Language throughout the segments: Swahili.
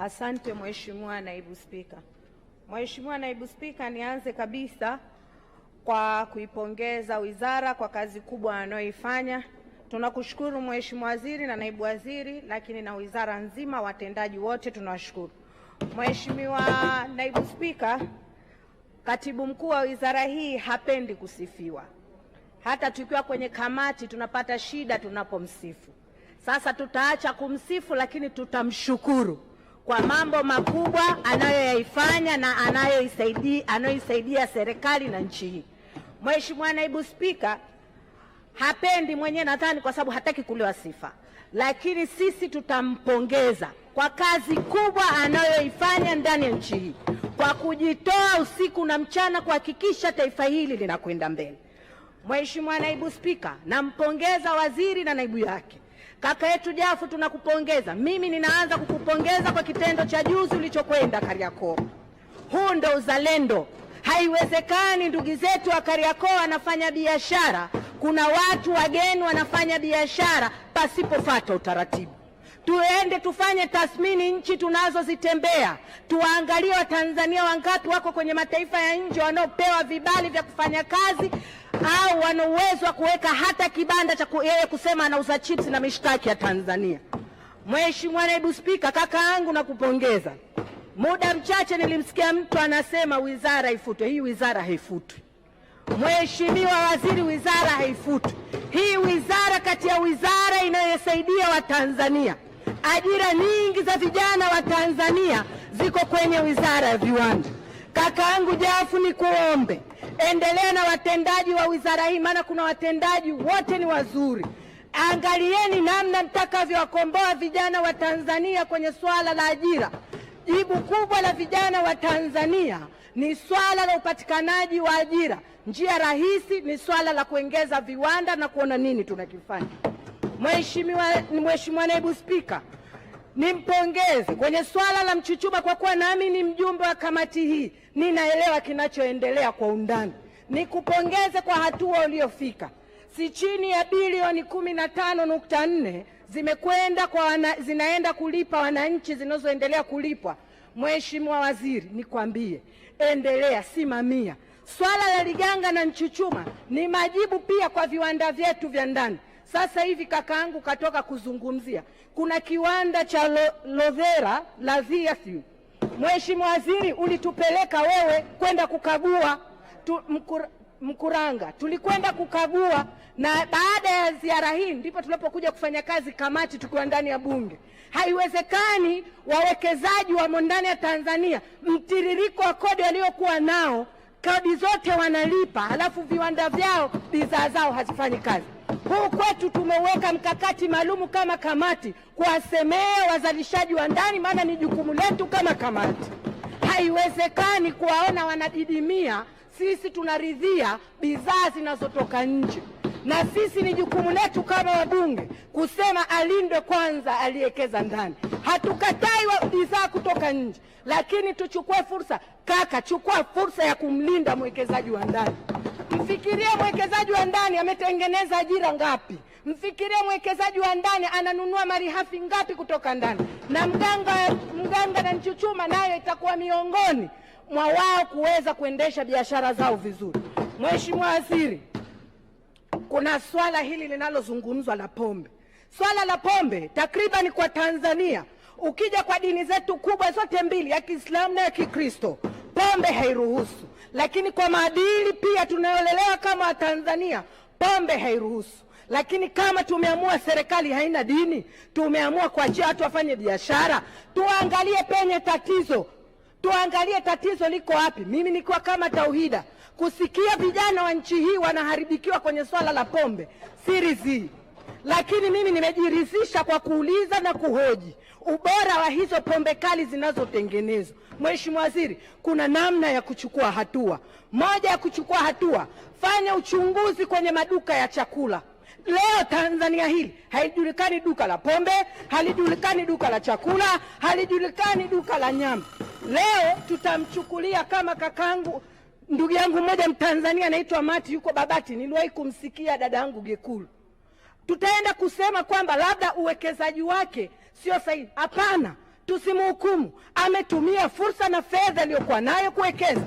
Asante Mheshimiwa Naibu Spika. Mheshimiwa Naibu Spika, nianze kabisa kwa kuipongeza wizara kwa kazi kubwa wanayoifanya. Tunakushukuru Mheshimiwa Waziri na Naibu Waziri, lakini na wizara nzima, watendaji wote tunawashukuru. Mheshimiwa Naibu Spika, Katibu Mkuu wa wizara hii hapendi kusifiwa. Hata tukiwa kwenye kamati tunapata shida tunapomsifu. Sasa tutaacha kumsifu, lakini tutamshukuru kwa mambo makubwa anayoyaifanya na anayoisaidia anayoisaidia serikali na nchi hii. Mheshimiwa Naibu Spika hapendi mwenyewe, nadhani kwa sababu hataki kulewa sifa, lakini sisi tutampongeza kwa kazi kubwa anayoifanya ndani ya nchi hii, kwa kujitoa usiku na mchana kuhakikisha taifa hili linakwenda mbele. Mheshimiwa Naibu Spika, nampongeza waziri na naibu yake Kaka yetu Jafu, tunakupongeza. Mimi ninaanza kukupongeza kwa kitendo cha juzi ulichokwenda Kariakoo. Huu ndo uzalendo. Haiwezekani ndugu zetu wa Kariakoo wanafanya biashara, kuna watu wageni wanafanya biashara pasipofata utaratibu tuende tufanye tathmini nchi tunazozitembea, tuwaangalie Watanzania wangapi wako kwenye mataifa ya nje wanaopewa vibali vya kufanya kazi au wana uwezo wa kuweka hata kibanda cha yeye kusema anauza chips na mishkaki ya Tanzania. Mheshimiwa Naibu Spika, kaka yangu nakupongeza. Muda mchache nilimsikia mtu anasema wizara ifutwe. Hii wizara haifutwi. Mheshimiwa Waziri, wizara haifutwi. Hii wizara kati ya wizara inayosaidia Watanzania. Ajira nyingi za vijana wa Tanzania ziko kwenye wizara ya viwanda. Kakaangu Jafu, ni kuombe endelea na watendaji wa wizara hii, maana kuna watendaji wote ni wazuri. Angalieni namna mtakavyowakomboa vijana wa Tanzania kwenye swala la ajira. Jibu kubwa la vijana wa Tanzania ni swala la upatikanaji wa ajira. Njia rahisi ni swala la kuongeza viwanda na kuona nini tunakifanya. Mheshimiwa, Mheshimiwa Naibu Spika, nimpongeze kwenye swala la Mchuchuma kwa kuwa nami ni mjumbe wa kamati hii, ninaelewa kinachoendelea kwa undani. Nikupongeze kwa hatua uliofika si chini ya bilioni kumi na tano nukta nne zimekwenda kwa wana, zinaenda kulipa wananchi zinazoendelea kulipwa. Mheshimiwa Waziri, nikwambie, endelea, simamia swala la Liganga na Mchuchuma, ni majibu pia kwa viwanda vyetu vya ndani. Sasa hivi kakaangu katoka kuzungumzia kuna kiwanda cha lo, Lodhera lazia siu. Mheshimiwa Waziri, ulitupeleka wewe kwenda kukagua tu, mkur, Mkuranga, tulikwenda kukagua, na baada ya ziara hii ndipo tulipokuja kufanya kazi kamati tukiwa ndani ya Bunge. Haiwezekani wawekezaji wamo ndani ya Tanzania, mtiririko wa kodi waliokuwa nao, kodi zote wanalipa, halafu viwanda vyao, bidhaa zao hazifanyi kazi huu kwetu tumeweka mkakati maalumu kama kamati kuwasemea wazalishaji wa ndani, maana ni jukumu letu kama kamati. Haiwezekani kuwaona wanadidimia, sisi tunaridhia bidhaa zinazotoka nje, na sisi ni jukumu letu kama wabunge kusema alindwe kwanza aliyewekeza ndani. Hatukatai bidhaa kutoka nje, lakini tuchukue fursa. Kaka, chukua fursa ya kumlinda mwekezaji wa ndani. Mfikirie mwekezaji wa ndani ametengeneza ajira ngapi? Mfikirie mwekezaji wa ndani ananunua malighafi ngapi kutoka ndani? Na mganga, mganga na Nchuchuma nayo itakuwa miongoni mwa wao kuweza kuendesha biashara zao vizuri. Mheshimiwa Waziri, kuna swala hili linalozungumzwa la pombe. Swala la pombe takriban kwa Tanzania, ukija kwa dini zetu kubwa zote mbili, ya Kiislamu na ya Kikristo, pombe hairuhusu, lakini kwa maadili pia tunayolelewa kama Watanzania pombe hairuhusu. Lakini kama tumeamua serikali haina dini, tumeamua kuachia watu wafanye biashara, tuangalie penye tatizo, tuangalie tatizo liko wapi. Mimi nikiwa kama Tauhida, kusikia vijana wa nchi hii wanaharibikiwa kwenye swala la pombe, siri lakini mimi nimejiridhisha kwa kuuliza na kuhoji ubora wa hizo pombe kali zinazotengenezwa. Mheshimiwa Waziri, kuna namna ya kuchukua hatua. Moja ya kuchukua hatua, fanya uchunguzi kwenye maduka ya chakula. Leo Tanzania hili haijulikani duka la pombe, halijulikani duka la chakula, halijulikani duka la nyama. Leo tutamchukulia kama kakangu ndugu yangu mmoja Mtanzania anaitwa Mati, yuko Babati. Niliwahi kumsikia dada yangu Gekulu tutaenda kusema kwamba labda uwekezaji wake sio sahihi. Hapana, tusimhukumu. Ametumia fursa na fedha aliyokuwa nayo kuwekeza.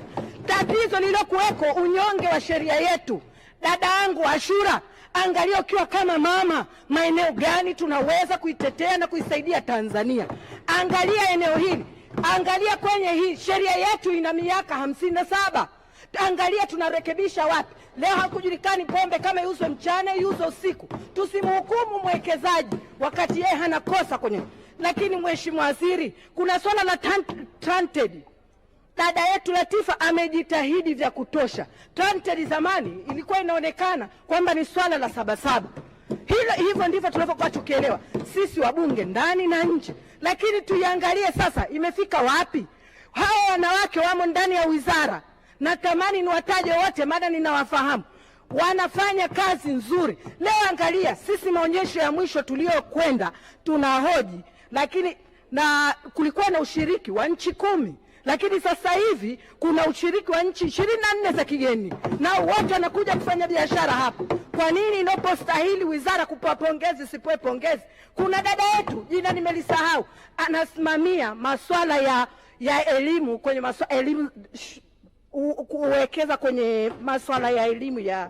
Tatizo lililokuweko unyonge wa sheria yetu. Dada yangu Ashura, angalia ukiwa kama mama, maeneo gani tunaweza kuitetea na kuisaidia Tanzania. Angalia eneo hili, angalia kwenye hii sheria yetu ina miaka hamsini na saba angalia tunarekebisha wapi. Leo hakujulikani pombe kama iuzwe mchana iuzwe usiku. Tusimhukumu mwekezaji wakati yeye hana kosa kwenye. Lakini mheshimiwa waziri, kuna swala la TanTrade. Dada yetu Latifa amejitahidi vya kutosha. TanTrade zamani ilikuwa inaonekana kwamba ni swala la sabasaba. Hilo hivyo ndivyo tunavyokuwa tukielewa sisi wabunge ndani na nje, lakini tuiangalie sasa imefika wapi. Hawa wanawake wamo ndani ya wizara natamani niwataje wote, maana ninawafahamu wanafanya kazi nzuri. Leo angalia, sisi maonyesho ya mwisho tuliyokwenda tunahoji, lakini na kulikuwa na ushiriki wa nchi kumi, lakini sasa hivi kuna ushiriki wa nchi ishirini na nne za kigeni, na wote wanakuja kufanya biashara hapa. Kwa nini inapostahili wizara kupewa pongezi isipewe pongezi? Kuna dada yetu jina nimelisahau, anasimamia masuala ya, ya elimu kwenye masuala elimu sh, kuwekeza kwenye masuala ya elimu ya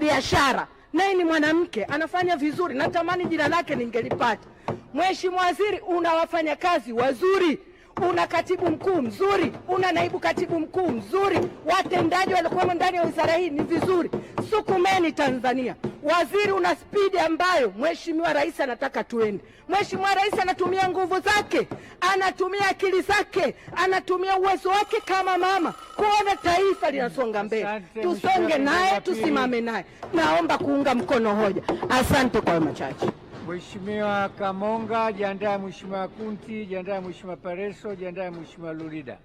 biashara, naye ni mwanamke anafanya vizuri, natamani jina lake ningelipata. Mheshimiwa Waziri, una wafanyakazi wazuri, una katibu mkuu mzuri, una naibu katibu mkuu mzuri, watendaji walikuwa ndani ya wizara hii ni vizuri. Sukumeni Tanzania. Waziri una spidi ambayo mheshimiwa rais anataka tuende. Mheshimiwa rais anatumia nguvu zake, anatumia akili zake, anatumia uwezo wake kama mama kuona taifa linasonga mbele. Tusonge naye, tusimame naye. Naomba kuunga mkono hoja. Asante kwa machache. Mheshimiwa Kamonga, jiandaye. Mheshimiwa Kunti, jiandaye. Mheshimiwa Pareso, jiandaye. Mheshimiwa Lurida.